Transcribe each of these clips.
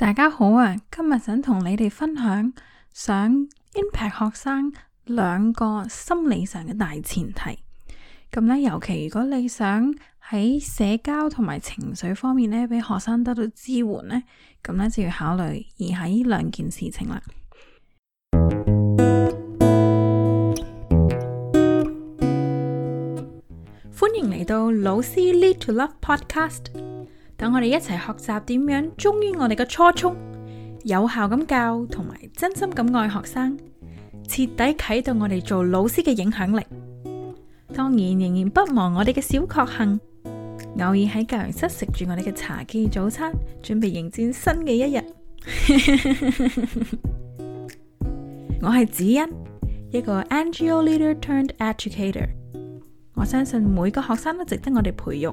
大家好啊，今日想同你哋分享想 impact 學生兩個心理上嘅大前提。咁咧，尤其如果你想喺社交同埋情緒方面咧，俾學生得到支援咧，咁咧就要考慮以下呢兩件事情啦。歡迎嚟到老師 Lead to Love Podcast。等我哋一齊學習點樣忠於我哋嘅初衷，有效咁教同埋真心咁愛學生，徹底啟動我哋做老師嘅影響力。當然仍然不忘我哋嘅小確幸，偶爾喺教研室，食住我哋嘅茶記早餐，準備迎戰新嘅一日。 我係子欣，一個 Angio Leader turned Educator。Turn ed educ 我相信每個學生都值得我哋培育。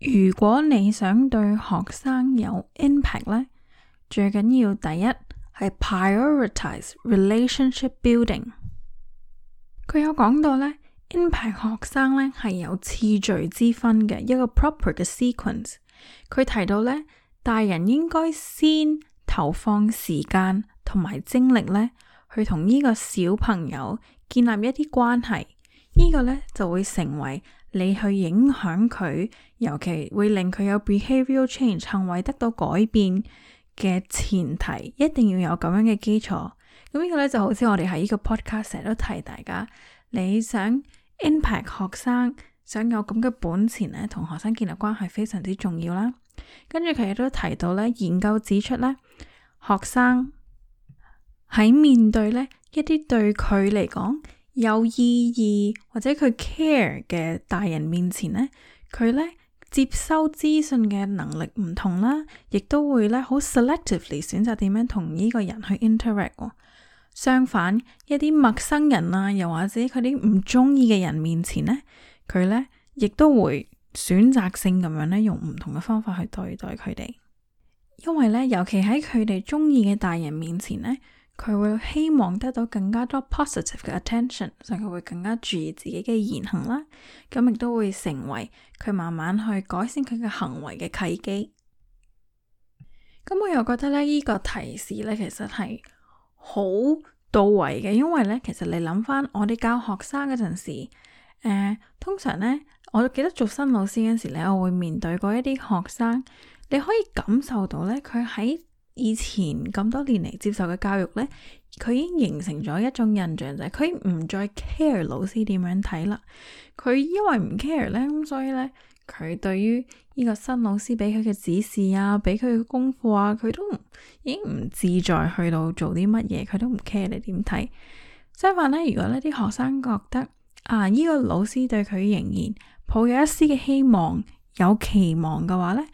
如果你想對學生有 impact 咧，最緊要第一係 prioritize relationship building。佢有講到咧，impact 學生咧係有次序之分嘅一個 proper 嘅 sequence。佢提到咧，大人應該先投放時間同埋精力咧，去同呢個小朋友建立一啲關係，呢個咧就會成為。你去影響佢，尤其會令佢有 behavioral change 行為得到改變嘅前提，一定要有咁樣嘅基礎。咁呢個咧就好似我哋喺呢個 podcast 成日都提大家，你想 impact 學生，想有咁嘅本錢咧，同學生建立關係非常之重要啦。跟住佢亦都提到咧，研究指出咧，學生喺面對咧一啲對佢嚟講。有意義或者佢 care 嘅大人面前呢，佢呢接收資訊嘅能力唔同啦，亦都會呢好 selectively 選擇點樣同呢個人去 interact。相反，一啲陌生人啊，又或者佢啲唔中意嘅人面前呢，佢呢亦都會選擇性咁樣呢用唔同嘅方法去對待佢哋。因為呢尤其喺佢哋中意嘅大人面前呢。佢會希望得到更加多 positive 嘅 attention，所以佢會更加注意自己嘅言行啦。咁亦都會成為佢慢慢去改善佢嘅行為嘅契機。咁我又覺得咧，呢個提示咧，其實係好到位嘅，因為咧，其實你諗翻我哋教學生嗰陣時，呃，通常咧，我記得做新老師嗰陣時咧，我會面對過一啲學生，你可以感受到咧，佢喺以前咁多年嚟接受嘅教育呢，佢已經形成咗一種印象，就係佢唔再 care 老師點樣睇啦。佢因為唔 care 呢，咁所以呢，佢對於呢個新老師俾佢嘅指示啊，俾佢嘅功課啊，佢都已經唔自在去到做啲乜嘢，佢都唔 care 你點睇。相反呢，如果呢啲學生覺得啊，呢個老師對佢仍然抱有一絲嘅希望、有期望嘅話呢，誒、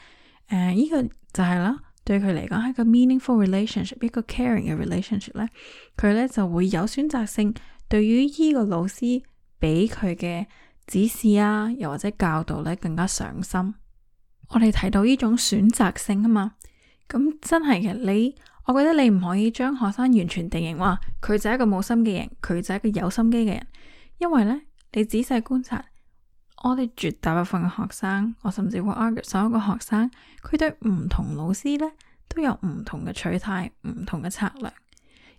呃，呢個就係啦。對佢嚟講係一個 meaningful relationship，一個 caring 嘅 relationship 咧，佢咧就會有選擇性，對於呢個老師俾佢嘅指示啊，又或者教導咧更加上心。我哋睇到呢種選擇性啊嘛，咁真係嘅你，我覺得你唔可以將學生完全定型，話佢就係一個冇心嘅人，佢就係一個有心機嘅人，因為咧你仔細觀察。我哋絕大部分嘅學生，我甚至會 argue 所有嘅學生，佢對唔同老師呢都有唔同嘅取態、唔同嘅策略。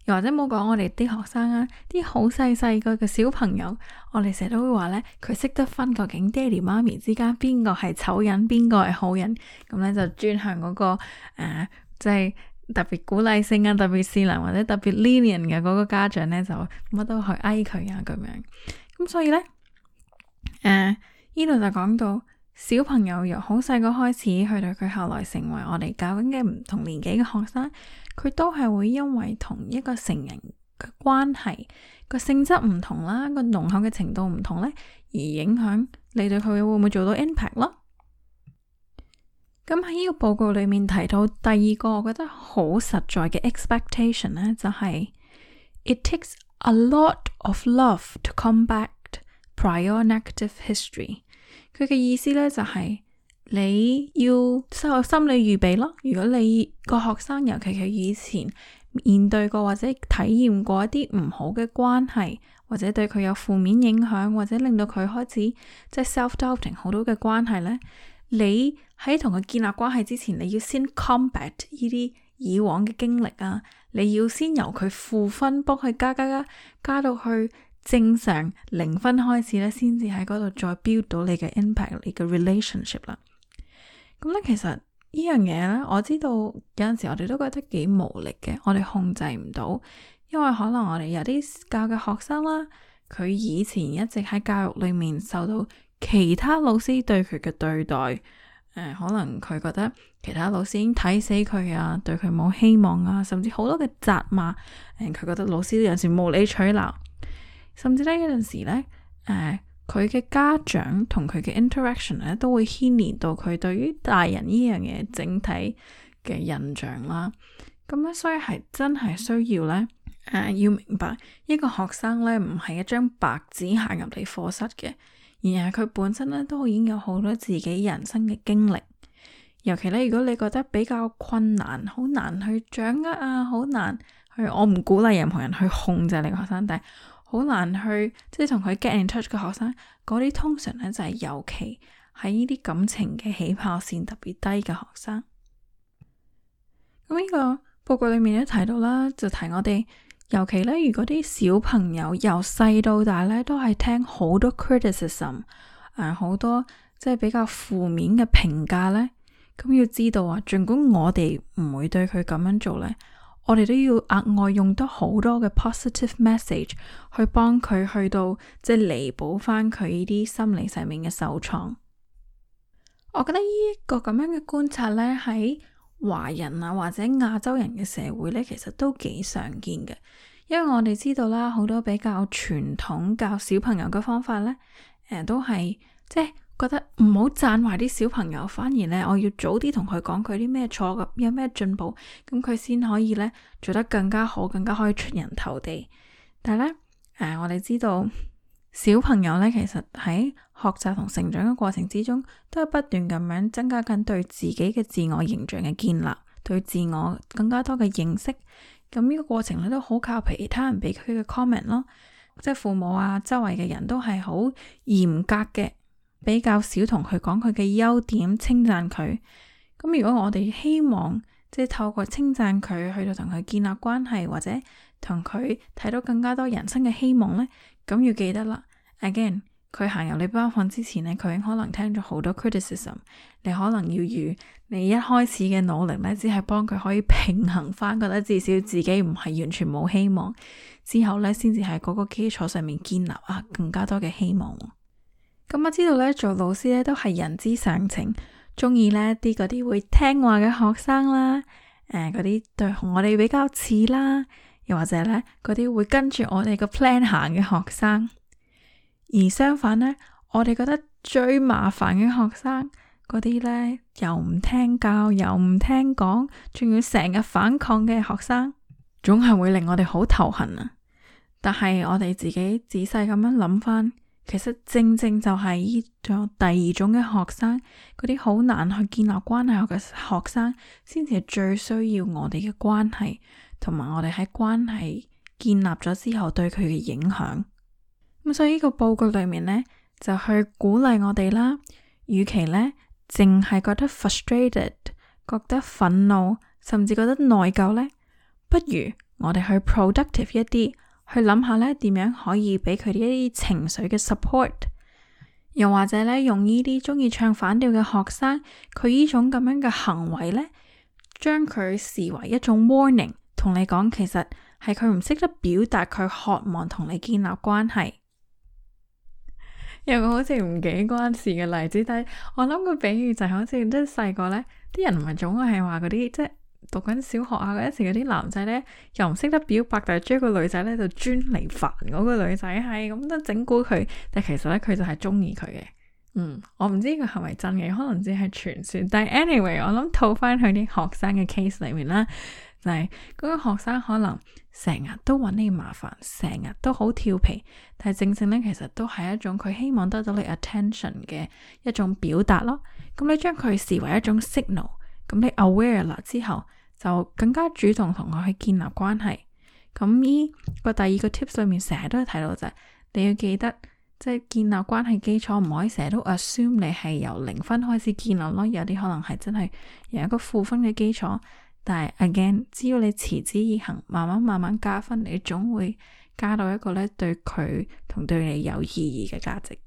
又或者冇講我哋啲學生啊，啲好細細個嘅小朋友，我哋成日都會話呢佢識得分究竟爹哋媽咪之間邊個係醜人，邊個係好人，咁呢就轉向嗰個誒，即係特別鼓勵性啊、特別善良或者特別 lenient 嘅嗰個家長呢，就乜都去哀佢啊咁樣，咁所以呢。誒，呢度、uh，就講到小朋友由好細個開始，去到佢後來成為我哋教緊嘅唔同年紀嘅學生，佢都係會因為同一個成人嘅關係個性質唔同啦，個濃厚嘅程度唔同呢，而影響你對佢有會唔會做到 impact 咯。咁喺呢個報告裏面提到第二個我覺得好實在嘅 expectation 呢、就是，就係 It takes a lot of love to come back。Prior negative history，佢嘅意思呢就係、是、你要有心理預備咯。如果你個學生尤其佢以前面對過或者體驗過一啲唔好嘅關係，或者對佢有負面影響，或者令到佢開始即係、就是、self doubting 好多嘅關係呢，你喺同佢建立關係之前，你要先 combat 呢啲以往嘅經歷啊，你要先由佢負分，幫佢加加加加到去。正常零分開始咧，先至喺嗰度再 build 到你嘅 impact，你嘅 relationship 啦。咁咧，其實呢樣嘢咧，我知道有陣時我哋都覺得幾無力嘅，我哋控制唔到，因為可能我哋有啲教嘅學生啦，佢以前一直喺教育裏面受到其他老師對佢嘅對待，呃、可能佢覺得其他老師已經睇死佢啊，對佢冇希望啊，甚至好多嘅責罵，佢、呃、覺得老師有時無理取鬧。甚至咧，嗰陣時咧，誒佢嘅家長同佢嘅 interaction 咧，都會牽連到佢對於大人呢樣嘢整體嘅印象啦。咁咧，所以係真係需要咧，誒、呃、要明白呢個學生咧，唔係一張白紙行入嚟課室嘅，而係佢本身咧都已經有好多自己人生嘅經歷。尤其咧，如果你覺得比較困難，好難去掌握啊，好難去。我唔鼓勵任何人去控制你個學生，但係，好難去即係同佢 get in touch 嘅學生，嗰啲通常咧就係、是、尤其喺呢啲感情嘅起跑線特別低嘅學生。咁呢個報告裏面都提到啦，就提我哋尤其咧，如果啲小朋友由細到大咧都係聽好多 criticism，誒、呃、好多即係、就是、比較負面嘅評價咧，咁要知道啊，盡管我哋唔會對佢咁樣做咧。我哋都要額外用多好多嘅 positive message 去幫佢去到即係、就是、彌補翻佢呢啲心理上面嘅受創。我覺得呢個咁樣嘅觀察呢，喺華人啊或者亞洲人嘅社會呢，其實都幾常見嘅，因為我哋知道啦，好多比較傳統教小朋友嘅方法呢，誒、呃、都係即係、就是覺得唔好讚壞啲小朋友，反而呢，我要早啲同佢講佢啲咩錯咁，有咩進步，咁佢先可以呢，做得更加好，更加可以出人頭地。但係呢，呃，我哋知道小朋友呢，其實喺學習同成長嘅過程之中，都係不斷咁樣增加緊對自己嘅自我形象嘅建立，對自我更加多嘅認識。咁呢個過程咧都好靠其他人俾佢嘅 comment 咯，即係父母啊，周圍嘅人都係好嚴格嘅。比較少同佢講佢嘅優點，稱讚佢。咁如果我哋希望即係透過稱讚佢去到同佢建立關係，或者同佢睇到更加多人生嘅希望呢，咁要記得啦。Again，佢行入你班房之前呢，佢可能聽咗好多 criticism，你可能要預你一開始嘅努力呢，只係幫佢可以平衡翻，覺得至少自己唔係完全冇希望之後呢，先至喺嗰個基礎上面建立啊更加多嘅希望。咁、嗯、我知道咧，做老師咧都係人之常情，中意咧啲嗰啲會聽話嘅學生啦，誒、呃，嗰啲對同我哋比較似啦，又或者咧嗰啲會跟住我哋個 plan 行嘅學生。而相反呢，我哋覺得最麻煩嘅學生，嗰啲咧又唔聽教，又唔聽講，仲要成日反抗嘅學生，總係會令我哋好頭痕啊！但係我哋自己仔細咁樣諗翻。其實正正就係呢種第二種嘅學生，嗰啲好難去建立關係嘅學生，先至係最需要我哋嘅關係，同埋我哋喺關係建立咗之後對佢嘅影響。咁所以呢個報告裏面呢，就去鼓勵我哋啦。與其呢，淨係覺得 frustrated，覺得憤怒，甚至覺得內疚呢，不如我哋去 productive 一啲。去諗下咧，點樣可以俾佢哋一啲情緒嘅 support，又或者咧用呢啲中意唱反調嘅學生，佢呢種咁樣嘅行為咧，將佢視為一種 warning，同你講其實係佢唔識得表達，佢渴望同你建立關係。有個好似唔幾關事嘅例子，但係我諗個比喻就係好似即係細個咧，啲人唔係總係話嗰啲啫。讀緊小學啊，嗰陣時，嗰啲男仔呢，又唔識得表白，但係追個女仔呢，就專嚟煩嗰個女仔，係、哎、咁都整蠱佢。但其實呢，佢就係中意佢嘅。嗯，我唔知佢係咪真嘅，可能只係傳說。但係 anyway，我諗套翻去啲學生嘅 case 裏面啦，就係、是、嗰、嗰個學生可能成日都搵你麻煩，成日都好調皮，但係正正呢，其實都係一種佢希望得到你 attention 嘅一種表達咯。咁你將佢視為一種 signal，咁你 aware 啦之後。就更加主動同佢去建立關係。咁呢個第二個 tips 裏面，成日都睇到就係你要記得，即係建立關係基礎，唔可以成日都 assume 你係由零分開始建立咯。有啲可能係真係有一個負分嘅基礎，但係 again，只要你持之以恆，慢慢慢慢加分，你總會加到一個咧對佢同對你有意義嘅價值。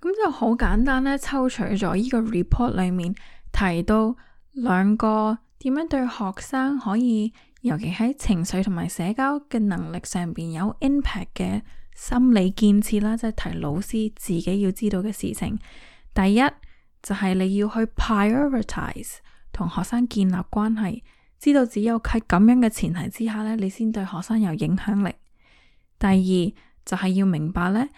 咁就好簡單咧，抽取咗依個 report 裏面提到兩個。點樣對學生可以，尤其喺情緒同埋社交嘅能力上邊有 impact 嘅心理建設啦，即係提老師自己要知道嘅事情。第一，就係你要去 prioritize 同學生建立關係，知道只有喺咁樣嘅前提之下呢，你先對學生有影響力。第二，就係要明白呢。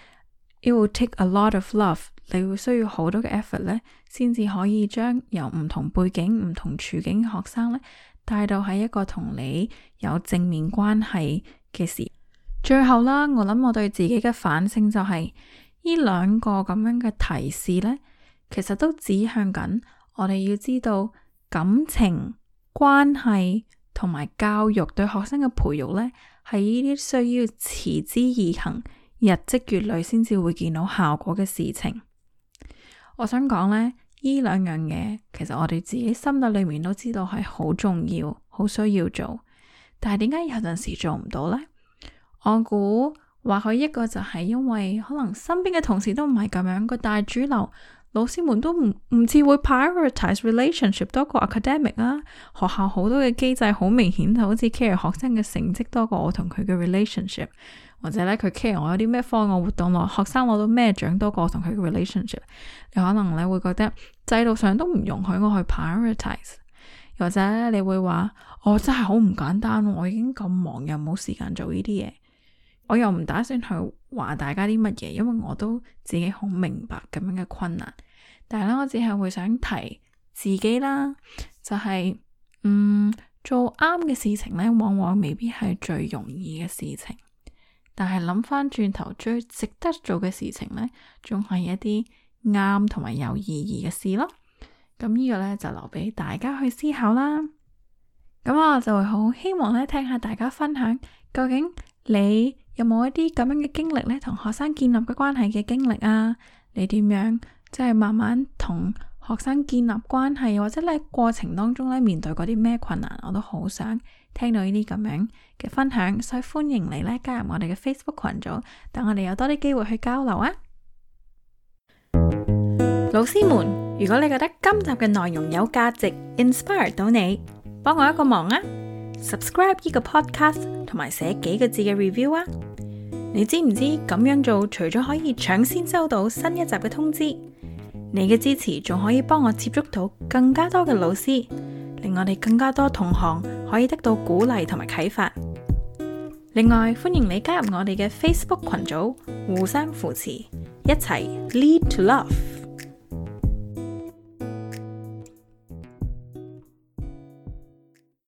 It will take a lot of love。你會需要好多嘅 effort 咧，先至可以將由唔同背景、唔同處境嘅學生咧，帶到喺一個同你有正面關係嘅時。最後啦，我諗我對自己嘅反省就係、是，呢兩個咁樣嘅提示咧，其實都指向緊我哋要知道感情、關係同埋教育對學生嘅培育咧，係呢啲需要持之以恆日積月累先至會見到效果嘅事情，我想講呢，呢兩樣嘢其實我哋自己心底裏面都知道係好重要，好需要做，但係點解有陣時做唔到呢？我估或許一個就係因為可能身邊嘅同事都唔係咁樣個大主流。老師們都唔唔似會 prioritize relationship 多過 academic 啊，學校好多嘅機制好明顯，就好似 care 學生嘅成績多過我同佢嘅 relationship，或者咧佢 care 我有啲咩課外活動攞，學生攞到咩獎多過我同佢嘅 relationship，你可能你會覺得制度上都唔容許我去 prioritize，又或者你會話我真係好唔簡單，我已經咁忙又冇時間做呢啲嘢，我又唔打算去話大家啲乜嘢，因為我都自己好明白咁樣嘅困難。但係我只係會想提自己啦，就係、是、嗯做啱嘅事情咧，往往未必係最容易嘅事情。但係諗翻轉頭，最值得做嘅事情咧，仲係一啲啱同埋有意義嘅事咯。咁呢個呢，就留俾大家去思考啦。咁我就會好希望呢，聽下大家分享，究竟你有冇一啲咁樣嘅經歷呢，同學生建立嘅關係嘅經歷啊？你點樣？即係慢慢同學生建立關係，或者喺過程當中咧面對嗰啲咩困難，我都好想聽到呢啲咁樣嘅分享，所以歡迎你咧加入我哋嘅 Facebook 群組，等我哋有多啲機會去交流啊！老師們，如果你覺得今集嘅內容有價值，inspire 到你，幫我一個忙啊！Subscribe 呢個 podcast，同埋寫幾個字嘅 review 啊！你知唔知咁樣做，除咗可以搶先收到新一集嘅通知？你嘅支持仲可以幫我接觸到更加多嘅老師，令我哋更加多同行可以得到鼓勵同埋啟發。另外，歡迎你加入我哋嘅 Facebook 群組，互相扶持，一齊 Lead to Love。